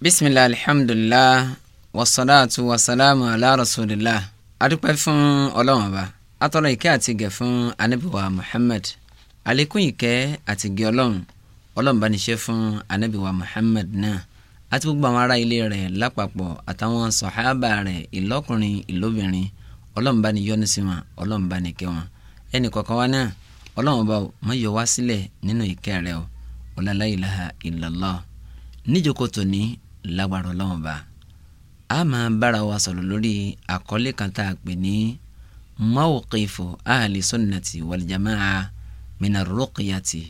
bisimilahi alhamdulilah wasalaatu wasalaamu ala rasulillah adúpẹ́ fún ọlọ́run ọba atọrọ ìkẹ́ àti ìgẹ̀ fún anabiwa muhammad àlékún ìkẹ́ àti ìgẹ̀ ọlọ́run ọlọ́run bá ní ṣe fún anabiwa muhammad náà àti gbogbo àwọn ará ilé rẹ̀ lápapọ̀ àtàwọn sọ̀hábà rẹ̀ ìlọ́kùnrin ìlóbìnrin ọlọ́run bá ní yọ́nú sí wọn ọlọ́run bá ní kẹ́ wọn ẹnì kọ̀ọ̀kan wa náà ọlọ́run ọba má yọ wá sílẹ̀ nínú ìkẹ́ rẹ̀ o ọlá ilaha illallah níjókòó tòní lágbára ọlọ́run bá a máa bára wa sọ̀rọ̀ lórí àkọlé kan tá a pè ní mawqifu ahli sunnati wal jamaa mina ruqyati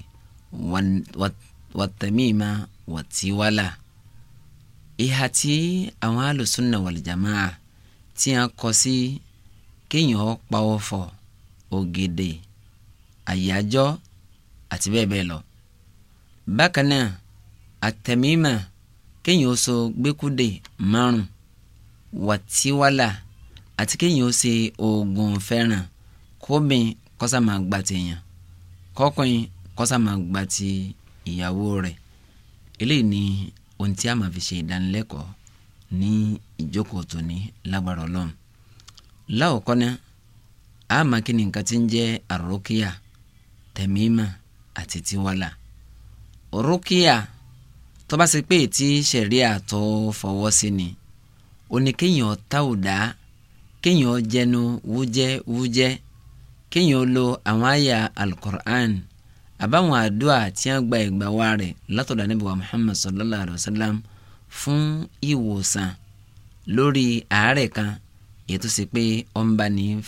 wat-tamima wat-tiwala ìhà tí àwọn ahli sunna wal jamaa tí a kọ sí kéèyàn pawọ́ fọ̀ ògèdè àyájọ́ àti bẹ́ẹ̀ bẹ́ẹ̀ lọ bákan náà àtẹ̀mímà kéèyàn ó so gbẹ́kúdè márùn wàtíwálà àti kéèyàn ó ṣe oògùn fẹ́ràn kóbìn kọ́sà máa gba tèèyàn kọ́kùnrin kọ́sà máa gba ti ìyàwó rẹ̀ eléyìí ni ohun tí a máa fi ṣe ìdánilẹ́kọ̀ọ́ ní ìjókòó tòní lágbára ọlọ́run láòkọ́ náà a máa kí nǹkan tí ń jẹ́ àrókíà tẹ̀míìmà àti tiwálà rókíà tó bá ṣe pé tí sẹ̀ríà tó fọwọ́ sí ni ó ní kéèyàn jẹnu wújẹ́ wújẹ́ kéèyàn lo àwọn àyà alukur'an àbáwọn àdúrà tí wọ́n gba ìgbà wa rẹ̀ látọ̀dọ̀ Ànábì wa Muhammad sallallahu alayhi wa sallam fún ìwòsàn lórí àárẹ̀ kan èyí tó ṣe pé ó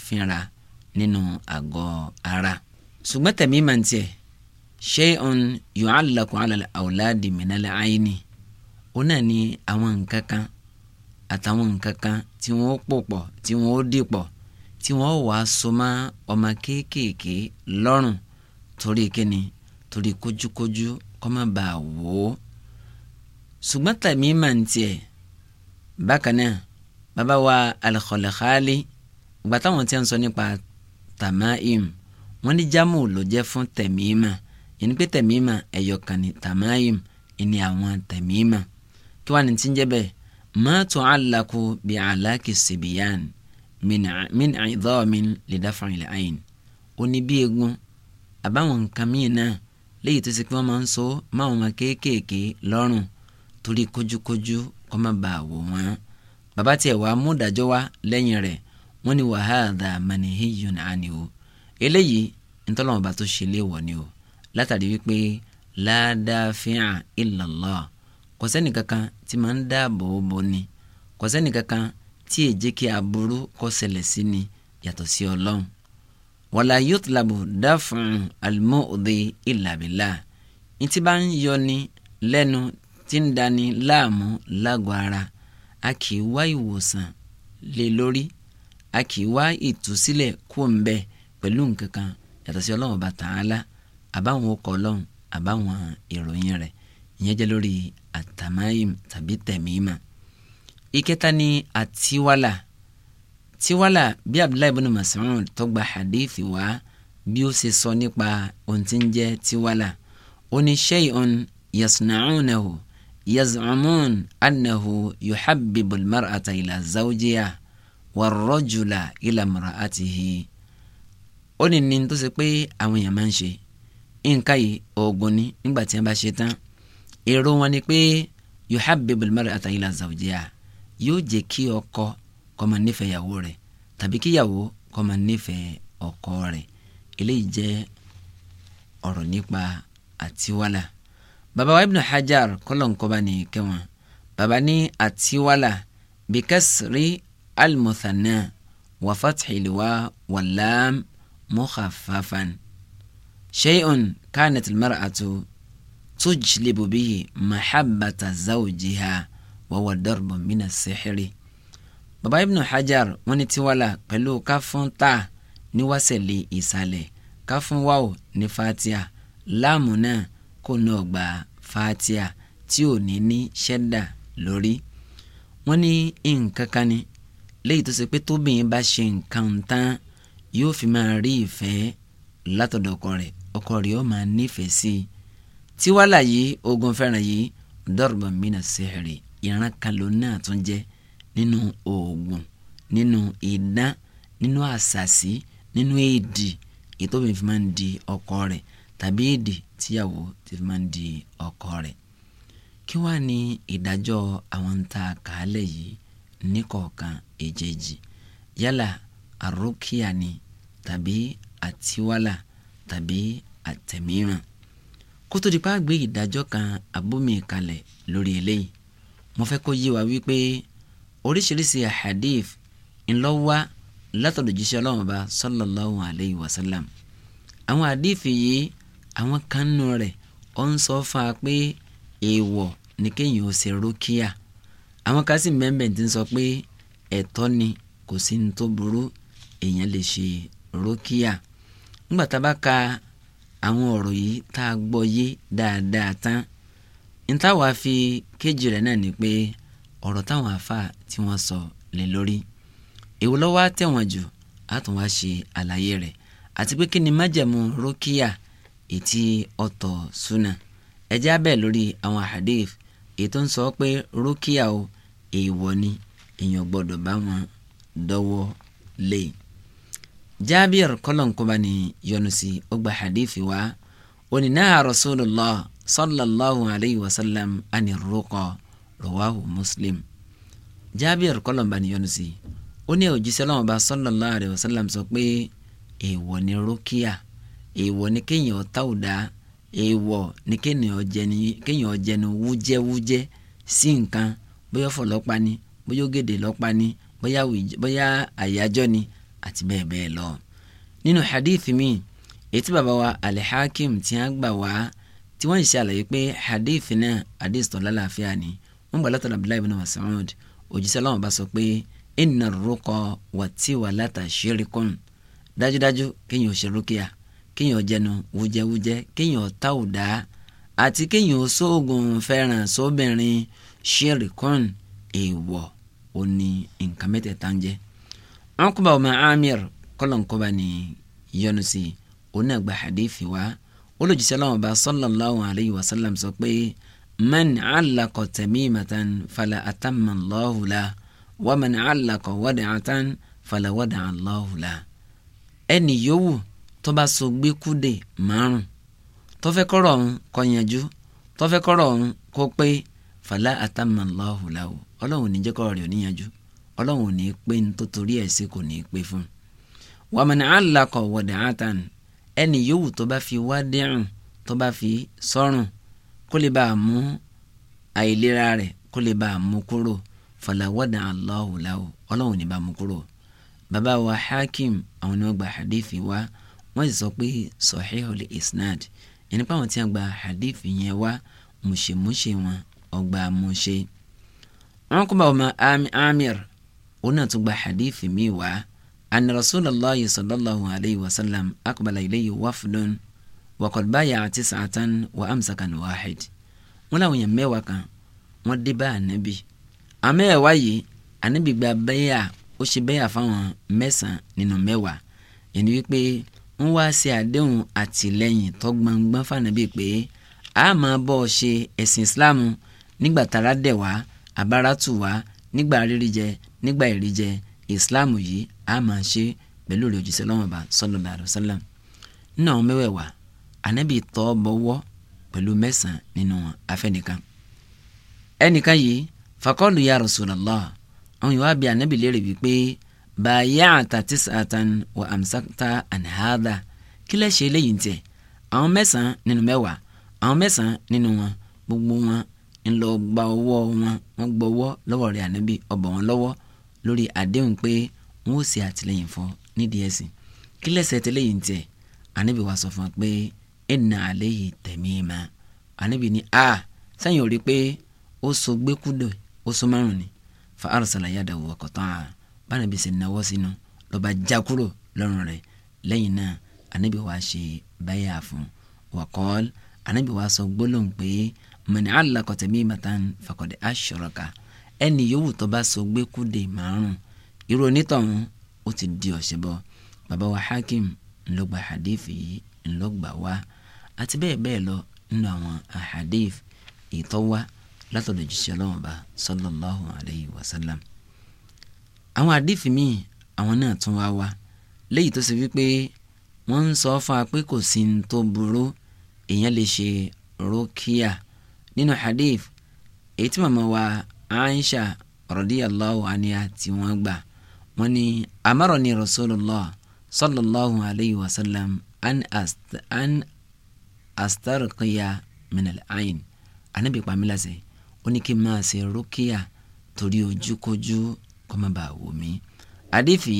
fínra nínú àgọ́ ara ṣùgbọ́n tẹ̀mí màá tiẹ̀ shay'un yu'allaqu 'ala al-awladi min al-'ayni òun náà ni àwọn nǹkan kan àtàwọn nǹkan kan tí wọ́n pò pọ̀ tí wọ́n dì pọ̀ tí wọ́n wà á so mọ́ ọmọ kéékèèké lọ́rùn torí kíni torí kójúkójú kó má bàa wa al-Khalkhali ìgbà táwọn tí ń sọ nípa tàmáìm wọ́n ní jámù ló jẹ́ fún tẹ̀mí mà yẹn pé tẹ̀míìmà tamayim ní tàmáyìm ẹni àwọn tẹ̀míìmà kí wàá ní tí ń jẹ́ bẹ́ẹ̀ má tó àlàkù bí àlàkì sìbìyàn min àìdọ́ọ̀min lè dáfà ilẹ̀ àyìn ó ní bí egun àbáwọn nǹkan míì náà léyìí tó ṣe pé wọ́n máa ń so máwọn ọmọ kéékèèké lọ́rùn torí kójúkójú kó má bàa wò wọ́n bàbá tiẹ̀ wàá mú ìdájọ́ wá lẹ́yìn rẹ̀ wọ́n ní wàhálà mani hiyun ani o eléyìí ntọ́lọ́mọba tó ṣe léèwọ̀ ni o látàrí wípé ládàáfíà ìlàlọ́ kò sẹ́ni kankan tí máa ń dáàbò bò ni kò sẹ́ni kankan tí èjì kí aburú kó ṣẹlẹ̀ sí ni yàtọ̀ sí ọlọ́run wàlá yutlabu dáfún alimọ́ọ̀dẹ ìlàbílà ní tí bá ń yọ ni lẹ́nu tí ń dani láàmú lágọ̀ọ́ ara a kì í wá ìwòsàn lé lórí a kì í wá ìtúsílẹ̀ kó ń bẹ pẹ̀lú nǹkan kan yàtọ̀ sí ọlọ́run bá tàn án àbáwọn ọkọ Ọlọ́run àbáwọn ìròyìn rẹ̀ ìyẹn jẹ́ lórí àtàmáìm tàbí tẹ̀míìmà ìkẹta ni àtiwálà tiwálà bí Abdullahi ibn Mas'ud tó gba hadithi wá bí ó ṣe sọ nípa ohun tí ń jẹ́ tiwálà ó ní shay'un yasna'unahu yaz'umun annahu yuhabbibu al-mar'ata ila zawjiha ó ní ní tó ṣe pé àwọn èèyàn máa ń ṣe nǹkan yìí oògùn ni nígbà tí wọ́n bá ṣe tán èrò wọn ni pé yuhabbibul mar'ata ila zawjiha yóò jẹ́ kí ọkọ kó máa nífẹ̀ẹ́ ìyàwó rẹ̀ tàbí kíyàwó kó máa nífẹ̀ẹ́ ọkọ rẹ̀ eléyìí jẹ́ ọ̀rọ̀ nípa àtiwálà baba wa ibn hajar kọlọ̀nkọba ní kẹwọn baba ní àtiwálà bikasri almuthanna wa fathilwa walam mukhafafan shay'un kanat al-mar'atu tujlibu bihi mahabbata zawjiha wa huwa darbun mina sihiri. baba ibn hajar wọ́n ní tiwala pẹ̀lú káfún ta ní wásẹ̀lẹ̀ ìsàlẹ̀ káfún wáwò ní fatia láàmù náà kò náà gba fatia tí ò ní ní ṣẹ́dà lórí wọ́n ní nǹkan kan ni léyìí tó ṣe pé tóbìnrin bá ṣe nǹkan tán yóò fi máa rí ìfẹ́ látọ̀dọ̀ ọkọ rẹ̀ ọkọ rẹ̀ ó máa nífẹ̀ẹ́ sí i tí wàhálà yìí ogun fẹ́ràn yìí dọ́rọ̀bà mìíràn sẹ́hẹ̀rì ìran kan ló náà tún jẹ́ nínú oògùn nínú ìdá nínú àṣàṣì nínú èdè ìtòbí fi máa ń di ọkọ rẹ̀ tàbí èdè tíyàwó ti fi máa ń di ọkọ rẹ̀ kí wàá ní ìdájọ́ àwọn tá a kà á lẹ̀ yìí níkọ̀ọ̀kan èjèèjì yálà àrókìá ni tàbí àtiwálà tàbí àtẹ̀míràn kó tó di pa gbé ìdájọ́ kan abómi kalẹ̀ lórí eléyìí mo fẹ́ kó yé wa wípé oríṣiríṣi hadith ńlọ́wọ́ látọ̀dọ̀ jíṣẹ́ ọlọ́run bá sallallahu alayhi wa sallam àwọn hadith yìí àwọn kan nù rẹ̀ ó ń sọ fún wa pé èèwọ̀ ni kéèyàn ó ṣe rókíà àwọn kan sì mẹ́mẹ́ ti ń sọ pé ẹ̀tọ́ ni kò sí ní tó burú èèyàn lè ṣe rókíà nígbà tá a bá ka àwọn ọ̀rọ̀ yìí tá a gbọ́ yé dáadáa tán n táwa fi kéjì rẹ̀ náà ni pé ọ̀rọ̀ táwọn afa tí wọ́n sọ lè lórí èwo ló wá tẹ̀wọ̀n jù á tún wá ṣe àlàyé rẹ̀ àti pé kí ni májẹ̀mú rókíà ètí ọ̀tọ̀ súnà ẹ̀jẹ̀ abẹ́ lórí àwọn hadith ètò ń sọ pé rókíà o èèwọ̀ ni èèyàn gbọ́dọ̀ bá wọn dọ́wọ́ lé jaabir kọlọ̀nkọba ni yọnusi ó gba hadith wa òní náà rasulullah sallallahu alayhi wa sallam ani ruqa rawahu muslim jaabir kọlọ̀nba ni yọnusi ó ní òjíṣẹ́ lọ́wọ́ bá sallallahu alayhi wa sallam sọ pé èèwọ̀ ni rúkìá èèwọ̀ ni kéèyàn ọ̀tá ò dáa èèwọ̀ ni kéèyàn ọ̀jẹ̀nu wújẹ́wújẹ́ sí nǹkan bóyá ọ̀fọ̀ lọ́pa ni bóyá ògèdè lọ́pa bóyá àyájọ́ ni àti bẹ́ẹ̀ bẹ́ẹ̀ lọ. nínú hadith mi ètí bàbá wa alihakim hakim tí a gbà wá tí wọ́n ṣe àlàyé pé hadith náà hadith tó lálàáfíà ni wọ́n gbà látọ̀dọ̀ Abdullahi ibn Mas'ud òjíṣẹ́ Ọlọ́run bá sọ pé inna ar-ruqa wat-tiwalata shirkun dájúdájú kéèyàn ò ṣe rúkìá kéèyàn ò jẹnu wújẹwújẹ kéèyàn ò ta òdá àti kéèyàn ò sóògùn fẹ́ràn sóbìnrin shirkun èèwọ̀ òní nǹkan mẹ́tẹ̀ẹ̀ta ń jẹ́ Uqba ọmọ Amir kọ́lọ̀nkọ́ba ni yọnu sí òun náà gba hadithi wa olùjíṣẹ́ láwọn ọba sallallahu alayhi wa sallam sọ pé man allaqa tamimatan fala atamma Allahu la wa man allaqa wada'atan fala wada'a Allahu la ẹni yòówù tó bá so gbẹ́kúdè márùn tó kọ́rọ̀ ọ̀hún kọyanjú tó kọ́rọ̀ ọ̀hún kó pé fala atamma Allahu ọlọ́run ò kọ́rọ̀ rẹ̀ ò ọlọ́run ò ní pé ní tó torí ẹ̀ sí kò ní pé fún. wàmọ̀nà àlàkọ̀ wọ̀dà àtàn ẹni yòówù tó bá fi wá dẹ́rùn tó bá fi sọ́rùn kó lè bá a mú àìlera rẹ̀ kó lè bá a mú kúrò fàlàwọ́dà aláwòláwò ọlọ́run ní bá a mú kúrò. bàbá wa hakim àwọn ni wọ́n gba hadithi wa wọ́n sì sọ pé sahihul isnad ẹni pé àwọn tí wọ́n gba hadithi yẹn wá mùṣemùṣe wọn ọgbà mùṣe. wọ́n kó bá wọn amir òun náà tún gba hadithi mi wá an rasulallah sallallahu alayhi wa sallam akbala ilayhi wafdun wakọlbaya àti sàtàn wa amsakan wahid wọn làwọn èèyàn mẹ́wàá kan wọ́n dé bá ànábì àmọ́ ẹ̀wá yìí ànábì gba bẹ́yà ó ṣe bẹ́yà fáwọn mẹ́sàn-án nínú mẹ́wàá yẹn ni wípé wọ́n wá ṣe àdéhùn àtìlẹ́yìn tó gbangban fànàbí pé a máa bọ́ ọ ṣe ẹ̀sìn ìsìláàmù nígbà tára dẹ̀ wá àbára nígbà rírí jẹ nígbà ìríjẹ ìsìláàmù yìí a máa ṣe pẹ̀lú rẹ̀ òjíṣẹ́ lọ́wọ́ bá sallallahu alaihi wasallam nínú àwọn mẹ́wẹ̀ẹ̀wá ànábì tọ́ bọ́wọ́ pẹ̀lú mẹ́sàn-án nínú afẹ́nìkan ẹnìkan yìí fakọ́lù ya Rasulullah àwọn ìwà bíi ànábì léèrè wípé bàyà àtàtìs àtàn wà àmsàkta àníhàdà kí lẹ́ ṣe eléyìí tiẹ̀ àwọn mẹ́sàn-án nínú mẹ́wàá àwọn mẹ́sàn-án nínú wọn gbogbo wọn ńlọ gba ọwọ́ wọn wọn gbọ́wọ́ lọ́wọ́ rẹ̀ ànábì ọ̀bọ̀ wọn lọ́wọ́ lórí àdéhùn pé wọn ò ṣe àtìlẹ́yìn fún nídìí ẹ̀sìn kí lẹ́sẹ̀ tẹ́lẹ̀yìn tiẹ̀ ànábì wa sọ fún ọ pé ẹnà àlẹ́ yìí tẹ̀mí ma ànábì ni a sẹ́yìn ò rí pé ó so gbẹ́kúdò ó so márùn ni fa arsala yadahu wa qata'a bánàbí sì náwó sínú lọ́ba já kúrò lọ́rùn rẹ̀ lẹ́yìn náà ànábì wa ṣe báyà fún wa qala ànábì wa sọ gbólóhùn pé man allaqa tamimatan faqad ashraka ẹni yòówù tó bá so gbé kúdè márùn irú onítọ̀hún ó ti di ọ̀ṣẹbọ bàbá wa hakim ńlọgba hadith yìí ńlọgba wa àti bẹ́ẹ̀ bẹ́ẹ̀ lọ nínú àwọn ahadith ìtọ́ wa látọ̀dọ̀ jíṣẹ́ ọlọ́run bá sallallahu alayhi wa sallam. àwọn hadith míì àwọn náà tún wá wá léyìí tó ṣe wípé wọ́n ń sọ fún wa pé kò sí ní tó burú èèyàn lè ṣe rókíà nínú hadith èyí tí màmá wa Aisha radiyallahu anha tí wọ́n gbà wọ́n ní amaroni rasulullah sallallahu alayhi wa sallam an ast an astarqiya minal ayn anabi pamilase ó ní kí n máa ṣe rúkìá torí ojúkojú kó má bàa wò mí adífi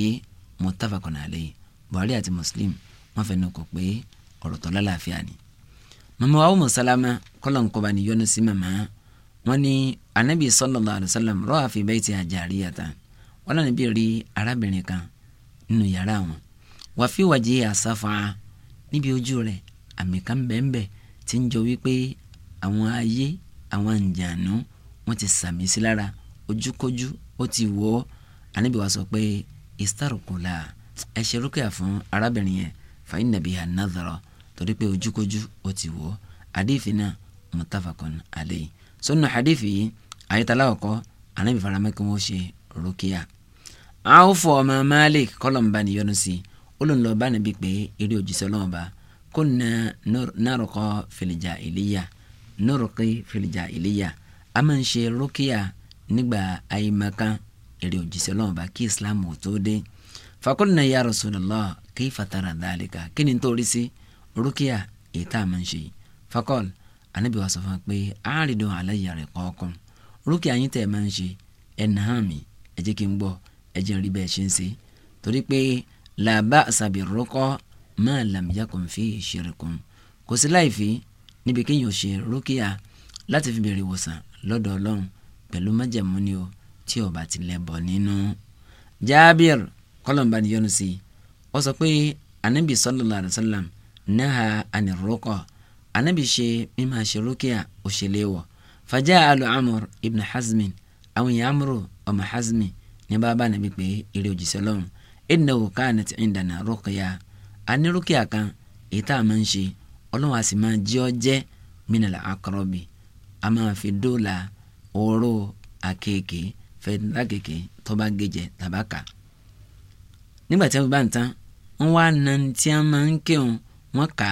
muttafaqun alayhi Buhari àti Muslim wọ́n fẹnu kò pé ọ̀rọ̀ tó lálàáfíà ni màmá wa Ummu Salama kọ́lọ̀ ń kọ́ba ní sí màmá wọ́n ní anabi sallallahu alayhi wa sallam rọ́ọ̀ fi bayti jariyatan wọ́n náà níbi rí arábìnrin kan nínú yàrá wọn wà fi wajhiha safa'a níbi ojú rẹ̀ àmì kan bẹ́ẹ̀nbẹ́ẹ̀ tí ń jọ wípé àwọn ayé àwọn àǹjànú wọ́n ti sàmì sí lára ojúkójú ó ti wò anabi wa sọ pé istarukula ẹ ṣe rúkìá fún arábìnrin yẹn fa inna biha nadhara torí pé ojúkójú ó ti wò ó àdéhìfínà muttafaqun alayhi sọ́nà hadith yìí àyètàlá ọ̀kọ́ ànábì faramẹ́ kí wọ́n ṣe rukia. Awfu ọmọ Malik kọ́lọ̀mbà níyọnu sí olùlọ́ba níbi pé eré òjíṣẹ́ ọlọ́ọ̀ba kunna narqa fil jahiliya narqi fil jahiliya a máa ń ṣe rukia nígbà àyèmọ̀kan eré òjíṣẹ́ ọlọ́ọ̀ba kí Islam ò tó dé fakulna ya Rasulullah kayfa tara dhalika kí ni tó rí sí rukia èyí a máa ń ṣe fakọ́lù anabi wa sọ fún pé àárẹ̀dọ̀ aláyà rẹ̀ kọ̀ọ̀kan rúkìá yín tẹ̀ máa ń ṣe ẹ̀nà hàn mí ẹ jẹ́ kí n gbọ́ ẹ jẹ́ rí bẹ́ẹ̀ ṣe ń ṣe torí pé làbá àṣàbí rúkọ́ máa làmìyá kò ń fi ìṣeré kun kò sí láìfi níbi kéèyàn ò ṣe rúkìá láti fi bèrè ìwòsàn lọ́dọ̀ ọlọ́run pẹ̀lú májẹ̀mú ni o tí ó bá ti lẹ́bọ̀ nínú. jaabir kọ́lọ̀mbà ni yọ́nu sí i wọ́n sọ pé anabi sallallahu alayhi náà anabi ṣe mímọ ṣe rúkìá òṣèlè wọ fàjà alu amur ibn hazmin àwọn èèyàn amúrò ọmọ hazmi ní bàbá nàbí pé eré òjìṣẹ́ lọ́run edna wò ká ànàtì ìdànà rúkìá àní rúkìá kan èyí tá a máa ń ṣe ọlọ́run àti máa jí ọ jẹ́ mínàlá akọrọ́bì a máa fi dóòlà oró akéèké fẹ́ńdàkèké tọ́ba gẹ̀jẹ̀ tàbákà nígbà tí a bá ń tán wọ́n wá nantí a máa ń kéwọn wọ́n kà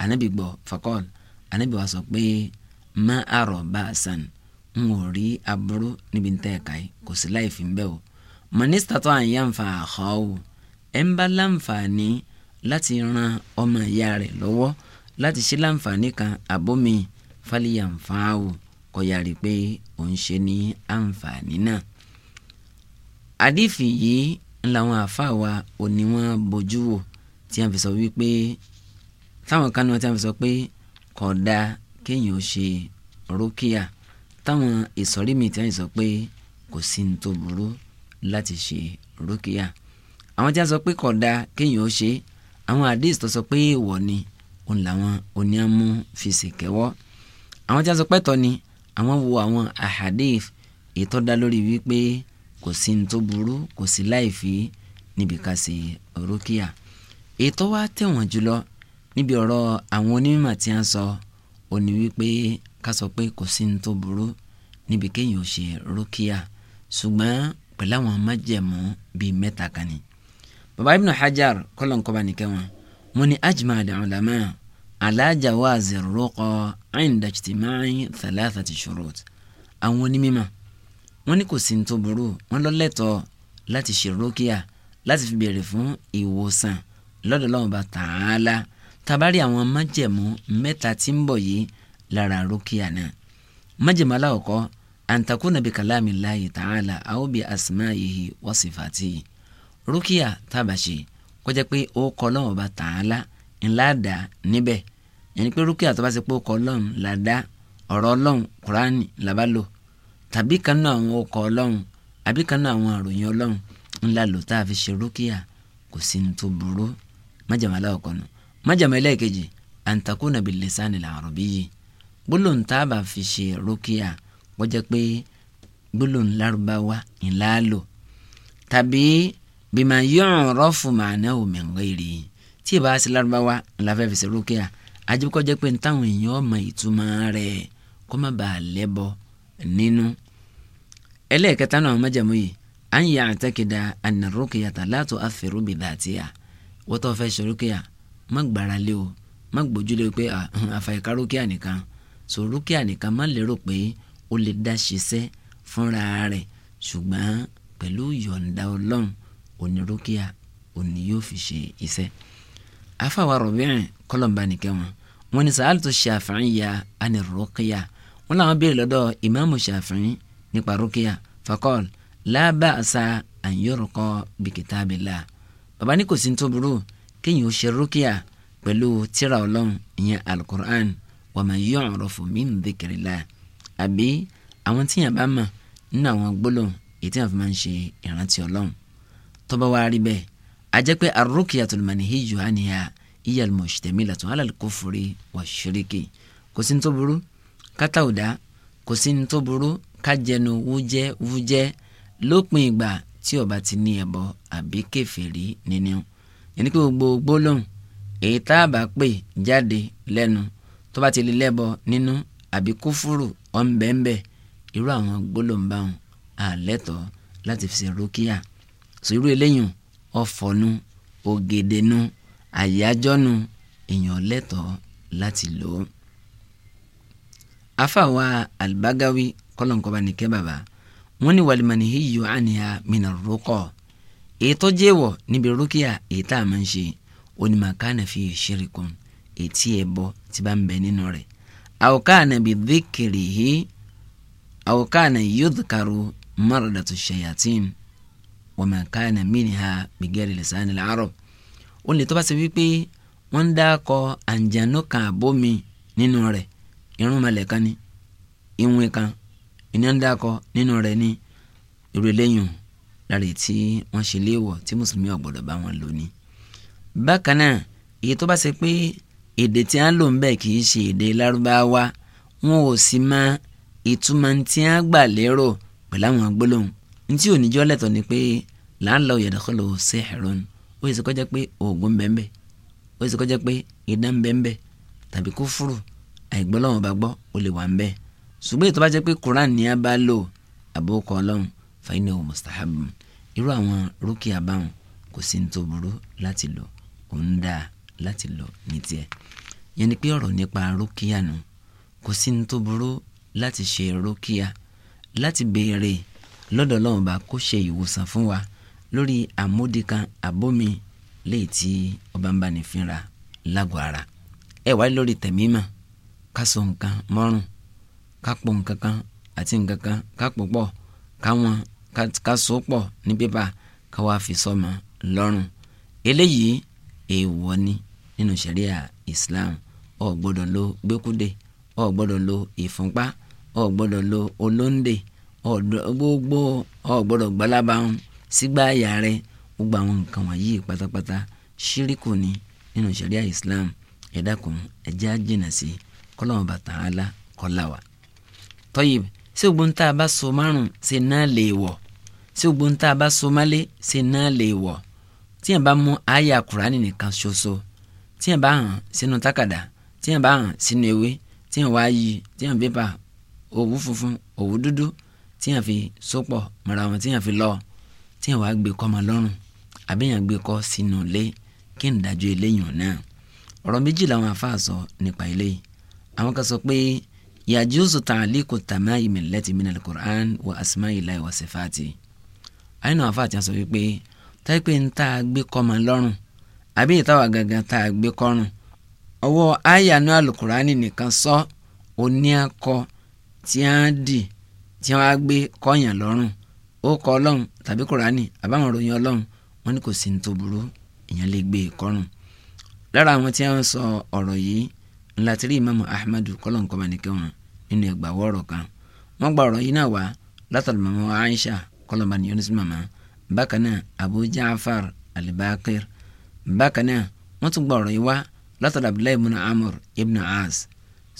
anabi gbọ́ fakọ́l anabi wa sọ pé má àrọ̀ bá a sàn ń wò rí aburú níbi ń tẹ́ ẹ̀ka yìí kò sí láì fi ń bẹ́ o mọ̀nísítà tó à ń yànfà àhọ́ o ẹ̀ ń bá láǹfààní láti ran ọmọ ìyá rẹ̀ lọ́wọ́ láti ṣe láǹfààní kan àbómi fàlìyànfà kò yàrí pé ò ń ṣe ní àǹfààní náà. àdìfì yìí ń làwọn àáfàá wa ò ní bójú wò tí a fi sọ wípé táwọn kan náà ti sọ pé kò dáa kéèyàn ó ṣe rókíà táwọn ìsọ̀rí mi ti sọ pé kò sí ní tó burú láti ṣe rókíà àwọn tí a sọ pé kò dáa kéèyàn ó ṣe àwọn àdéhùn tó sọ pé èèwọ̀ ni òun làwọn oníyàmú fi ṣèkẹ́wọ́ àwọn tí sọ pé tọ́ àwọn wo àwọn àhàdéf ètò dá lórí wípé kò sí ní tó burú kò sí láì fi níbi ká ṣe rókíà ètò wa tẹ̀wọ̀n jùlọ níbi ọ̀rọ̀ àwọn onímọ̀ tí a ń sọ ò ní wípé ká sọ pé kò sí ní tó burú níbi kéèyàn ò ṣe rókíà ṣùgbọ́n pẹ̀lú àwọn májẹ̀mú bíi mẹ́ta kan ni. bàbá ibn hajar kọ́lọ̀ ń kọ́ bá nìkẹ́ wọn wọn ni ajma al-ulama ala jawaz ar-ruqa inda ijtima'i thalathati shurut àwọn onímọ̀ wọn ni kò sí ní tó burú wọn lọ lẹ́tọ̀ọ́ láti ṣe rókíà láti fi béèrè fún ìwòsàn lọ́dọ̀ Ọlọ́hun bá tààlà tabari àwọn májẹ̀mú mẹ́ta tí ń bọ̀ yìí lára rúkìá náà májẹ̀mú aláwọ̀kọ́ antakuna bi kalami lahi ta'ala awo bi asma'ihi wa sifatihi rúkìá tábàṣe kó jẹ́ pé ó kọ́ lọ́wọ́ bá ta'ala ńlá dá níbẹ̀ yẹn ni pé rúkìá tó bá ṣe pé ó kọ́ lọ́wọ́ là dá ọ̀rọ̀ ọlọ́run kúránì làbá lò tàbí kan náà àwọn ọkọ̀ ọlọ́run àbí kan àwọn àròyìn ọlọ́run ńlá lò tá a fi ṣe rúkìá kò sí ní tó burú májàmálá ọkọ̀ náà májàmá ẹlẹ́ẹ̀kejì àǹtakùnà bìlẹ̀sánì làrọ̀bí yìí gbólóhùn tá a bá fi ṣe rókìá wọ́n jẹ́ pé gbólóhùn lárúbáwá ńlá lò tàbí bìmọ̀ yọ̀ọ̀n rọ́ọ̀fù màánà òmì ńgọ́ èrè yìí tí ìbá sí lárúbáwá ńlá fẹ́ fi ṣe rókìá ajibikọ jẹ́ pé ntáwọn èèyàn ọmọ ìtumọ̀ rẹ̀ kó má bàa lẹ́bọ nínú. ẹlẹ́ẹ̀kẹta náà májàmú yìí à ń yà àtẹ́kẹ̀dá ànàrókìá tà látò àfẹ́rúbìdà àtìyà wọ́tọ́ fẹ́ ṣe rókìá má gbára lé o má gbójúlé pé àfàìká rúkìá nìkan so rúkìá nìkan má lérò pé ó lè dá ṣiṣẹ́ fúnra rẹ̀ ṣùgbọ́n pẹ̀lú yọ̀ǹda ọlọ́run òní rúkìá òní yóò fi ṣe iṣẹ́ afáwa rọ̀bìnrin kọlọ̀mbà nìkẹ́ wọn wọn ni sàálùtò Ṣàfi'í ya àni rúkìá wọn làwọn béèrè lọ́dọ̀ ìmáàmù Ṣàfi'í nípa rúkìá fakọ́l lábàásà àyọ̀rọ̀kọ́ bìkítàbílà bàbá ní kò sí ní tó burú kéèyàn ó ṣe rúkìá pẹ̀lú tíra ọlọ́run ìyẹn alukur'an wa man yu'rafu min dhikrillah àbí àwọn tíyàn bá mọ̀ nínú àwọn gbólóhùn èyí tíyàn fi máa ń ṣe ìrántí ọlọ́run tó bá wá rí bẹ́ẹ̀ a jẹ́ pé ar-ruqyatul manhiju anha hiya al-mustamilatu ala al-kufri wa shirki kò sí ní tó burú kátà òdá kò sí ní tó burú kájẹnu wújẹ wújẹ lópin ìgbà tí ó ti ní ẹbọ àbí kèfèrí nínú yẹn ni pé gbogbo gbólóhùn èyí tá a bá pè jáde lẹ́nu tó bá ti lè lẹ́bọ nínú àbí kúfúrù ọ̀nbẹ̀ǹbẹ̀ irú àwọn gbólóhùn báwọn àlẹ́tọ̀ láti fi ṣe rókíà sọ irú eléyìí ọ̀fọ̀nu ògèdènu àyájọ́nu èèyàn lẹ́tọ̀ láti lò ó. afáwa albagawi kọ́lọ́nkọ́ba nìkẹ́ bàbá wọ́n ní wàlìmọ̀nì híyù àníyá mìíràn rókọ̀ọ́ èyí tó jẹ́ wọ̀ níbi rúkìá èyí tá a máa ń ṣe onímọ̀kánà fi ṣeré kan ètí ẹ̀bọ tí bá ń bẹ nínú rẹ̀ àwòkánà bí díkìrì yìí àwòkánà yóò dùkàrò mọ́rọ̀dàtò ṣèyàtìm wọ̀mọ̀kánà mìnìhà bìgẹ́rì lẹ́sàn-án làárọ̀ ó lè tó bá ṣe wípé wọ́n ń dákọ̀ àǹjànú kan àbómi nínú rẹ̀ irun malẹ̀ kan ní ìwìn kan ìní ń dákọ̀ nínú rẹ̀ ní ìrẹ̀lẹ́yìn lára tí wọ́n ṣe léèwọ̀ tí mùsùlùmí ò gbọ́dọ̀ bá wọn lò ní. bákan náà èyí tó bá ṣe pé èdè tí a ń lò ń bẹ̀ kì í ṣe èdè lárúbáwá wọn ò sì mọ ìtumọ̀ tí a gbà lérò pẹ̀lú àwọn gbólóhùn ntí òníjọ́ lẹ́tọ̀ ni pé làálàá òyàdàkọ́lò sẹ́hẹ̀rọ́n ó yẹ kọjá pé oògùn bẹ́ẹ̀nbẹ́ ó yẹ kọjá pé idán bẹ́ẹ̀nbẹ́ tàbí kúfúrù àìgbọ́lọ́wọ́n bá gbọ́ ó lè wà ń bẹ́ẹ̀ ṣùgbọ́n ètò bá jẹ́ pé Quran ni a bá lò àbókọ́ ọlọ́run fainahu mustahabun irú àwọn rúkìá báwọn kò sí ní tó burú láti lò ó ń dáa láti lò ní tiẹ̀ yẹn ni pé ọ̀rọ̀ nípa rúkìá nu kò sí ní tó burú láti ṣe rúkìá láti béèrè lọ́dọ̀ Ọlọ́run bá kó ṣe ìwòsàn fún wa lórí àmódìkan àbómi léyìí tí ọba ń bá ní fínra lágọ̀ ara ẹ wáyé lórí tẹ̀mí mà ká so nǹkan mọ́rùn ká pò nǹkan kan àti nǹkan kan ká pò pọ̀ káwọn ká so pọ̀ ní bíbá ká wá fi sọ́mọ lọ́rùn eléyìí èèwọ̀ nínú ṣẹ̀ríà Islam ò gbọ́dọ̀ lo gbẹ́kúdè ò gbọ́dọ̀ lo ìfúnpá ò gbọ́dọ̀ lo olóńdè gbogbo ò gbọ́dọ̀ gbalábà ń sígbà àyà rẹ gbogbo àwọn nǹkan wọ̀nyí pátápátá ṣíríkù ni nínú ṣẹ̀ríà Islam ẹ dákun ẹ jẹ́ á jìnnà sí kọ́lọ́mù bàtà ńlá kọ́lá wa. tọ́yìb sí ogun tá a bá so márùn-ún sí náà lè wọ̀ sí gbogbo ń tá a bá so mọ́lé ṣe náà lè wọ̀ tí yẹn bá mú àyà kùránì nìkan ṣoṣo tí yẹn bá hàn sínú tákàdá tí yẹn bá hàn sínú ewé tí yẹn wá yí tí yẹn pépà òwú funfun òwú dúdú tí yẹn fi sopọ̀ mọ̀ra wọn tí yẹn fi lọ tí yẹn wá gbé kọ́ ọmọ lọ́rùn àbí yẹn gbé kọ́ sínú ilé kí n dájú eléyìn náà ọ̀rọ̀ méjì làwọn afáà sọ nípa eléyìí àwọn kan sọ pé yàjú sùtàn àlíkò tàmáyìmì lẹ́tìmínà alukur'an wa asma'ilayi àyìnà àfa àti àṣọ wípé táìpé ń tá a gbé kọ́mọ lọ́rùn àbí ìtawà gangan tá a gbé kọ́rùn ọwọ́ àyànú alukurani nìkan sọ òní akọ tí a dì tí a wá gbé kọ́yàn lọ́rùn ó kọ ọlọ́run tàbí kurani àbáwọn ròyìn ọlọ́run wọn ni kò sí ní tó burú èèyàn lè gbé e kọ́rùn lára àwọn tí wọ́n sọ ọ̀rọ̀ yìí ńlá rí imáàmù ahmadu kọ́lọ́nkọ́ba nìkẹ́ wọn nínú ẹgbàá wọ́ọ̀rọ̀ kan wọ́n gba ọ̀rọ̀ yìí náà wá látàlùmọ́ aisha kọlọba ní yọnu sí abu jaafar alibakir bákan náà wọ́n tún gba ọ̀rọ̀ yìí wá látọ̀dọ̀ abdullahi ibn amur ibn as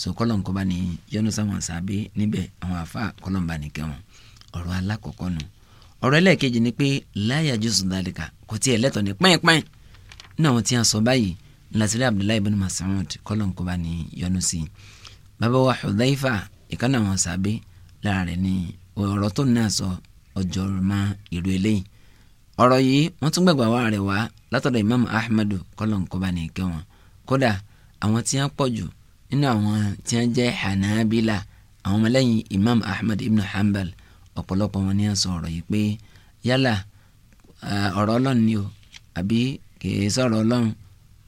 so kọlọ̀nkọba ní yọnu sáwọn sàbí níbẹ̀ àwọn afa kọlọ̀nba nìkẹ́ wọn ọ̀rọ̀ alákọ̀ọ́kọ́ nù ọ̀rọ̀ ẹlẹ́ẹ̀kejì ni pé láyà jùsùn dálíkà kò tiẹ̀ lẹ́tọ̀ ní pẹ́ẹ́pẹ́ẹ́ ní àwọn tí a sọ báyìí lasiri abdullahi ibn masoud kọlọ̀nkọba ní yọnu sí i bàbá wa hudhaifa ìkànnì àwọn sàbí láàrin ní ọ̀rọ̀ tó náà sọ ọjọ́ ma irú eléyìí ọ̀rọ̀ yìí wọ́n tún gbàgbà wá rẹ̀ wá látọ̀dọ̀ Imam Ahmadu kọ́lọ̀nkọ́ba ní ìkẹ́ wọn kódà àwọn tí wọ́n pọ̀ jù nínú àwọn tí wọ́n jẹ́ Hanabila àwọn ọmọlẹ́yìn Imam Ahmad ibn Hanbal ọ̀pọ̀lọpọ̀ wọn ni wọ́n sọ ọ̀rọ̀ yìí pé yálà ọ̀rọ̀ Ọlọ́run ni o àbí kìí sọ̀rọ̀ Ọlọ́run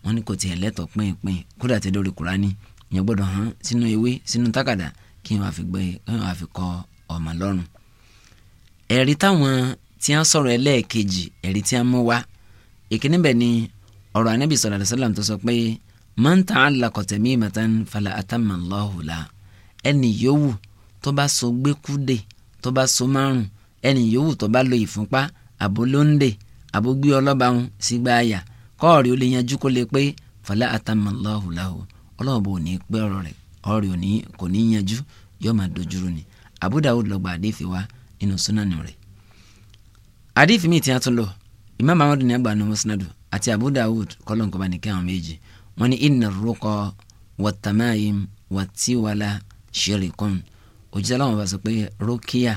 wọn ni kò tiẹ̀ lẹ́tọ̀ọ́ pínpín kódà ti dórí Kùránì ìyẹn gbọ́dọ̀ hàn sínú ewé sínú tákàdá kí wọ́n á fi ọmọ lọ́rùn ẹ̀rí táwọn tí wọ́n sọ̀rọ̀ ẹlẹ́ẹ̀kejì ẹ̀rí tí wọ́n mú wá ìkíní bẹ̀ ni ọ̀rọ̀ anábì sallallahu alaihi wasallam tó sọ pé man ta'allaqa tamimatan fala atamma Allahu la ẹni yòówù tó bá so gbẹ́kúdè tó bá so márùn ẹni yòówù tó bá lo ìfúnpá àbólóńdè àbógbé ọlọ́bàrún sígbà àyà kọ́ọ̀rì ó lè yanjú kó lè pé fala atamma Allahu lahu ọlọ́run bò ní pẹ́ ọ̀rọ̀ rẹ̀ ọ̀rẹ́ kò ní yanjú yóò máa dojúrú ni Abu Dawud lọ́gbà àdéfì inú súnánù Adi àdìfí mi ti a tún lọ Imam Ahmad ní agba ní musnadu àti Abu Dawud kọ́lọ̀ nǹkan bá ní kí àwọn méjì inna rúkọ wàtàmáyìm wàtíwàlà shirikun, òjíṣẹ́ láwọn bá sọ pé rókíà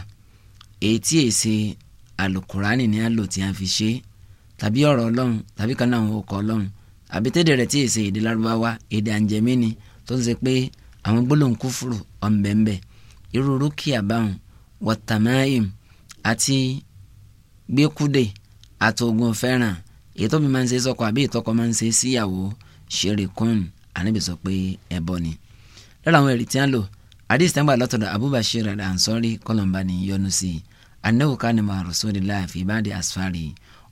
ètí èsè alukurani ni a lò tí a fi ṣe tàbí ọ̀rọ̀ ọlọ́run tàbí kan náà ó kọ ọlọ́run àbítẹ́dẹ̀ rẹ̀ tí èsè èdè lárúbáwá èdè àǹjẹ̀mí tó ń ṣe pé àwọn gbólóhùn kúfùrù ọ̀nbẹ̀ńbẹ̀ irú rókíà báwọn wàtàmáìm àti gbẹ́kúdè àtògùn fẹ́ràn èyí tó bí máa ń ṣe sọ́kọ àbí ìtọ́kọ máa ń ṣe síyàwó ṣerékùn ànábì sọ pé ẹbọ ni lára àwọn èrì tí wọ́n lò àdìs tẹ́ǹgbà lọ́tọ̀dọ̀ abubashir al-ansori kọlọ̀mbà ni yọnu sí i anáwòká ni màá rọ̀sọ́ọ́dì láàfin ìbáàdì asfari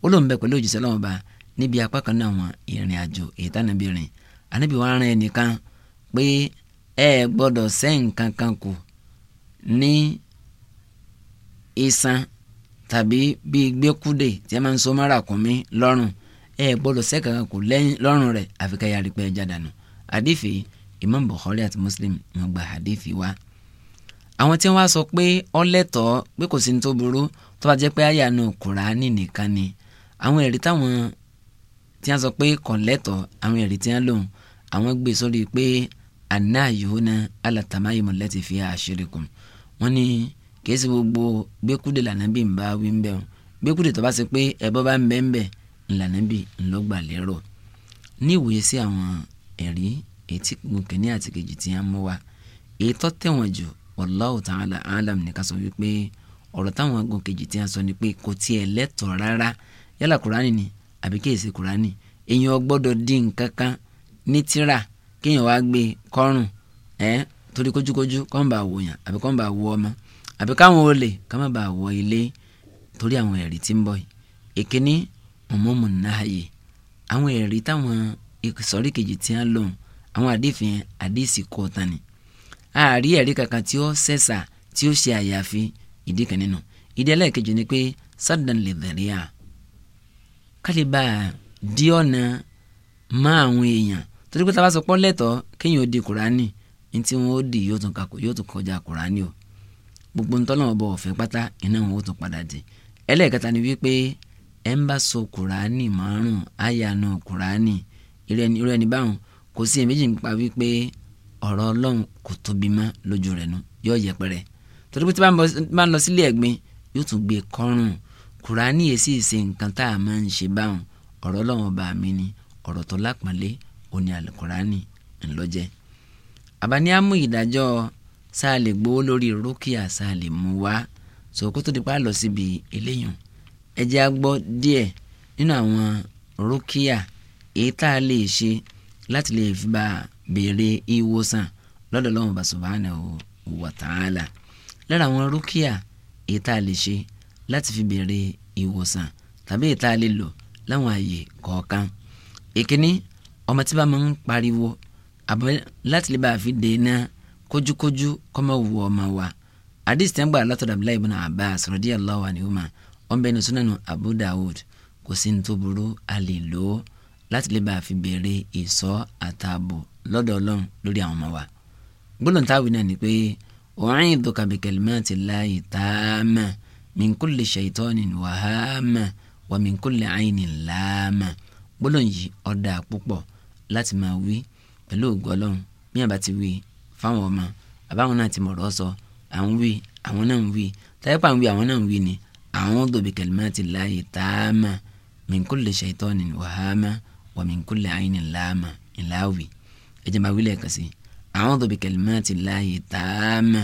ó lóun bẹ pẹ̀lú òjìṣẹ́ lọ́wọ́ níbi apá kan náà wọn ìrìn àjò èyí rìn ànábì wọn rìn ẹnìkan pé ẹ gbọ́dọ̀ sẹ́ǹkankan kù ní iṣan tàbí bíi gbẹ́kúdè tí a máa ń so mọ́ra kùn mí lọ́rùn ẹ gbọ́dọ̀ sẹ́ka kù lẹ́yìn lọ́rùn rẹ̀ àfi ká yàrá pé ẹ jádànù àdìfẹ́ Imam Bukhari àti Muslim ni wọ́n gba àdìfẹ́ wá. àwọn tí wọ́n á sọ pé ọlẹ́tọ̀ọ́ pé kò sí ní tó burú tó bá jẹ́ pé àyà nù Kùránì nìkan ni àwọn ẹ̀rí táwọn tí wọ́n sọ pé kọ̀lẹ́tọ̀ àwọn ẹ̀rí tí wọ́n lòun àwọn gbé sórí pé àná àyòhóná alàtàmáyémọ̀lẹ́tì fi kìí ṣe gbogbo gbẹ́kúdé lànàbí ń bá wí ń bẹ̀ gbẹ́kúdé tó bá ṣe pé ẹbọ bá ń bẹ́ ń bẹ̀ lànàbí ńlọgbà lérò ní ìwòye sí àwọn ẹ̀rí etí gòkèní àti kejì tí a mú wa ètò tẹ̀wọ̀n jù wallahu ta'ala alam ní ká sọ wípé ọ̀rọ̀ táwọn gòkèjì tí a sọ ni pé kò tiẹ̀ lẹ́tọ̀ọ́ rárá yálà kùránì ni àbí kìí ṣe kùránì èèyàn gbọ́dọ̀ dín nǹkan kan ní tíra kéèyàn wá gbé kọ́rùn ẹ́ torí kójúkójú kọ́ńbà wòyàn àbí kọ́ńbà wò ọmọ àbí káwọn olè ká má bàa wọ ilé torí àwọn ẹ̀rí tí ń bọ̀ yìí ìkíní ọ̀mọ́mù náà yìí àwọn ẹ̀rí táwọn ìsọ̀rí kejì tí wọ́n lòun àwọn àdìfín àdìsí kọ́ ọ̀tá ni àárí ẹ̀rí kankan tí ó sẹ̀sà tí ó ṣe àyàfi ìdí kan nínú ìdí ẹlẹ́ẹ̀kejì ni pé sádàn lè bẹ̀rẹ̀ à kálíbà dí ọ̀nà má àwọn èèyàn torí pé tá a bá sọ pọ́ lẹ́tọ̀ọ́ kéèyàn ó di kùránì ní tí wọ́n ó di yóò tún kọjá kùránì o gbogbo ntọ́nà ọba ọ̀fẹ́ pátá iná wọn ó tún padà dé ẹlẹ́ẹ̀kẹta ni wípé ẹ ń bá so kùránì márùn àyànà kùránì irú ẹni báwọn kò sí èméjì nípa wípé ọ̀rọ̀ ọlọ́run kò tóbi mọ́ lójú rẹ̀ nu yóò yẹpẹrẹ torí pé tí bá ń lọ sílé ẹ̀gbin yóò tún gbé kọ́rùn kùránì yìí sì ṣe nǹkan tá a máa ń ṣe báwọn ọ̀rọ̀ ọlọ́run ọba mi ni ọ̀rọ̀ tó lápọ̀nlé òní àlùkùránì ńlọ́jẹ́ sá lè gbowó lórí rúkìá sá mú wá so kó tó di pa lọ síbi eléyìí ẹ jẹ́ á gbọ́ díẹ̀ nínú àwọn rúkìá èyí tá a lè ṣe láti lè fi bá béèrè ìwòsàn lọ́dọ̀ Ọlọ́hun bá subhanahu wa ta'ala lára àwọn rúkìá èyí tá a lè ṣe láti fi béèrè ìwòsàn tàbí èyí tá a lè lò láwọn àyè kọ̀ọ̀kan ìkíní ọmọ tí bá máa ń pariwo àbẹ láti lè bá a fi dènà kójúkójú kọ́mọ wù ọmọ wa hadith tí wọ́n gbà látọ̀dọ̀ Abdullahi ibn Abbas radiyallahu anhuma wọ́n bẹ́ẹ̀ ní sunanu Abu Dawud kò sí ní tó burú a lè lò ó láti lè bá fi béèrè ìṣọ́ àtààbò lọ́dọ̀ Ọlọ́run lórí àwọn ọmọ wa gbólóhùn táwí náà ni pé u'idhuka bi kalimati llahi taama min kulli shaytanin wahama wa min kulli aynin laama gbólóhùn yìí ó púpọ̀ láti máa wí pẹ̀lú ògo Ọlọ́run bí ti wí fáwọn ọmọ àbáwọn náà ti mọ̀rọ̀ sọ à ń wí àwọn náà ń wí táyọ̀pá ń wí àwọn náà ń wí ni àwọn dòbí kalimati láàyè tààmà min kulli shaytanin wàhámà wà min kulli aynin láàmà ìláwì ẹ̀jẹ̀ máa wílẹ̀ kà sí àwọn dòbí kalimati láàyè tààmà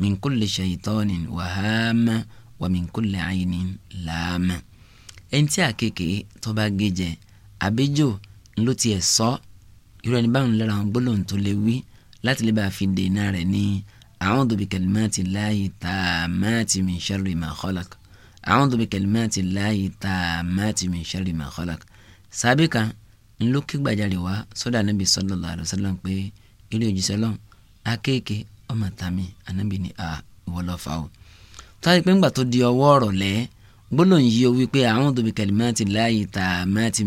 min kulli shaytanin wàhámà wà min kulli aynin ẹni tí àkekè tó bá gé jẹ àbíjò ńlọ tiẹ̀ sọ irú ẹni báwọn lára àwọn gbólóhùn tó lè wí láti lè bá a fi dènà rẹ̀ ní a'udhu bi kalimati llahi tammati min sharri ma khalaq a'udhu bi kalimati llahi tammati min sharri ma khalaq sábẹ́ kan ńlọ kí gbàjarè wá sọ́dọ̀ anábì sallallahu alaihi wasallam pé ilé òjíṣẹ́ lọ́n akéèké ọmọ tàmí anábì ni a ìwọ lọ fà ó. táyì pé ńgbà tó di ọwọ́ ọ̀rọ̀ lẹ́ gbólóhùn yìí ó wí pé a'udhu bi kalimati llahi tammati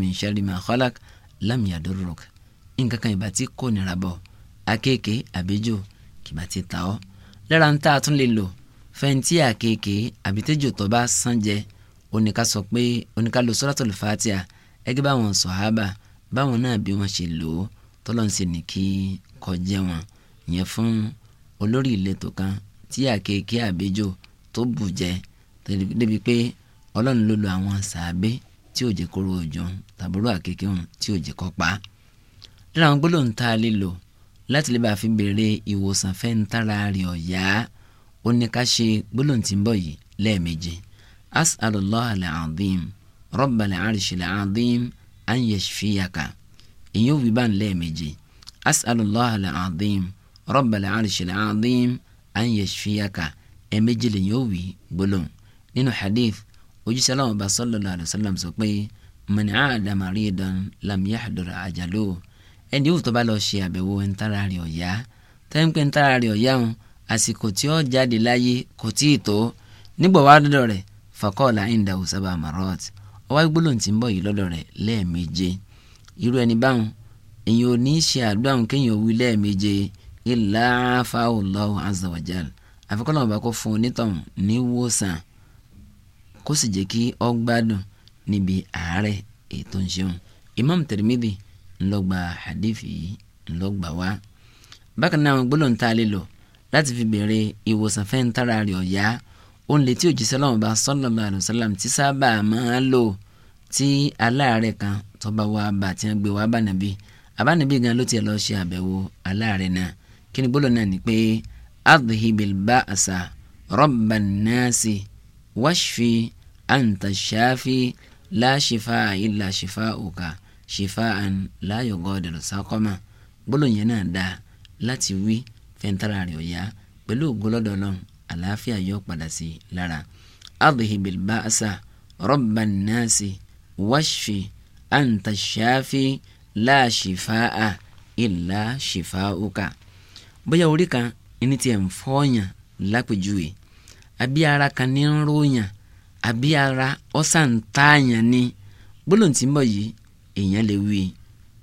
Akeke àbíjò kìbá ti ta ọ́ lára ń tá a tún lè lò fẹ́ǹtì àkekèé àbítẹ́jò tó bá sán jẹ oníka sọ pé oníka lo suratul Fatiha ẹgbẹ́ báwọn sọ̀hábà báwọn náà bí wọ́n ṣe lò ó tọ́lọ́n sì ní kí kọjá wọn yẹn fún olórí ìletò kan tí àkekèé àbíjò tó bù jẹ débi pé ọlọ́run ló lo àwọn sàábé tí ò jẹ́ kóró òjò tàbúrò àkekèé hàn tí ò jẹ́ kọ́ pa á lára àwọn gbólóhùn tá a láti lè bá fi béèrè ìwòsàn fẹ́ntara rẹ̀ ọ̀yá ó ní ká ṣe gbólóhùn tí ń bọ̀ yìí lẹ́ẹ̀mejì as'alullahi al-azim rabbal arshil azim an yashfiyaka èyí ò wí bá ń lẹ́ẹ̀mejì as'alullahi al-azim rabbal arshil azim an yashfiyaka ẹ̀ẹ̀mejì lèyìn ò wí gbólóhùn nínú hadith ojúṣe aláwọ̀ bá sallallahu alaihi wasallam sọ pé man ẹni yóò tó bá lọ ṣe àbẹ̀wò ntara rẹ̀ ọ̀yá tẹ́ńpẹ́ ntara rẹ̀ ọ̀yá wọn àsìkò tí ó jáde láyé kò tí ì tó nígbà wàá dọ̀dọ̀ rẹ̀ fakọ́ọ̀lá ìndà òsábà marot ọwọ́ gbólóhùn tí ń bọ̀ yìí lọ́dọ̀ rẹ̀ lẹ́ẹ̀méje irú ẹni báwọn èyàn ò ní í ṣe àdúrà wọn kéèyàn wí lẹ́ẹ̀méje ilà fáwọlọ́ azawajal Imam Tirmidhi ńlọgba hadithi ńlọgba wa bákan náà gbólóhùn tá a lè lò láti fi béèrè ìwòsàn fẹ́ntara rẹ̀ ọ̀yá òun lè tí òjíṣẹ́ lọ́wọ́ bá sallallahu alaihi wasallam tí sábà máa ń lò tí aláàárẹ̀ kan tó bá wá bá tí wọ́n gbé wá bá nàbí àbánibí gan ló tiẹ̀ lọ ṣe àbẹ̀wò aláàárẹ̀ náà kí ni gbólóhùn náà ni pé adhibil ba'sa rabban nasi washfi anta shafi la shifa shifaan la yugadiru saqama gbólóhùn yẹn náà dáa láti wí fẹ́ntara rẹ̀ ọ̀yá pẹ̀lú ògbólọ́dọ̀ ọlọ́run àlàáfíà yóò padà sí i lára. adhihibil ba'asa rabban nasi washfi anta shafi la shifaa illa shifaauka. bóyá orí kan ẹni tí ẹ̀ ń fọ́ọ̀yàn lápèjúwe àbí ara kan ní ń ròyàn àbí ara ọ̀sán táàyàn ni gbólóhùn ń bọ̀ yìí èèyàn lè wí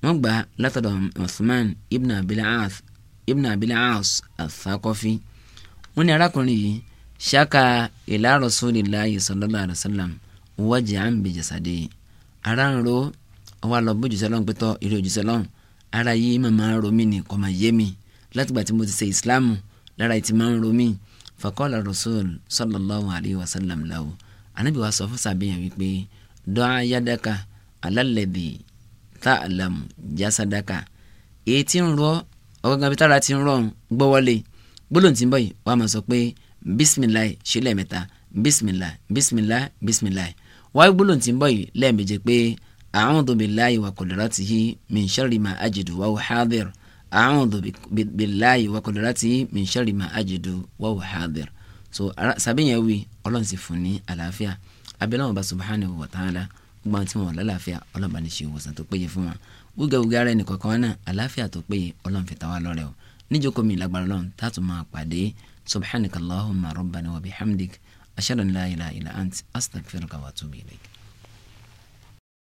wọ́n gbà látọ̀dọ̀ Usman ibn abilas ibn abilas asakọ́fí wọ́n ní arákùnrin yìí ṣáka ila rasulillahi sallallahu alaihi wasallam wọ́jà ń bèjì sàdé ara ń ro ọwọ́ àlọ́ bójú sẹ́lọ́n pẹ́tọ́ ìrè òjì sẹ́lọ́n ara yìí mà romi ń ni kò máa yé mi látìgbà tí mo ti ṣe ìsìláàmù lára ìtì máa ń ro mí rasul sallallahu alaihi wasallam lahu ànábì wa sọ fún sàbẹ̀yàn wípé dọ́ ayádàka alálẹ̀dì tààlàm jásádákà èyí tí ń rọ ọgọgàn bíi tára ti ń rọrùn gbọ́ wọlé gbólóhùn tí ń bọ̀ yìí wàá máa sọ pé bísímìláì ṣe lẹ́ẹ̀mẹ́ta bísímìlá bísímìlá bísímìláì wàá gbólóhùn tí ń bọ̀ yìí lẹ́ẹ̀mejì pé a'udhu billahi wa qudratihi min sharri ma ajidu wa hadir a'udhu billahi wa qudratihi min sharri ma ajidu wa hadir so sàbẹ̀yẹ̀ wí ọlọ́run sì fún ní àlàáfíà abẹ́lẹ́ wọn bá subhanahu wa ta'ala gbogbo àwọn tí wọn wà lálàáfíà ọlọ́mọba ní ṣe ìwòsàn tó péye fún wọn wúgẹ́ wúgẹ́ ara ẹnì kọ̀ọ̀kan náà àlàáfíà tó péye ọlọ́mfẹ̀tà wa lọ́rẹ̀ o níjókòó mi lágbára lọ́n tààtù máa pàdé subhanakallahumma rabbana wa bihamdik ashhadu an la ilaha illa ant astaghfiruka wa atubu ilayk.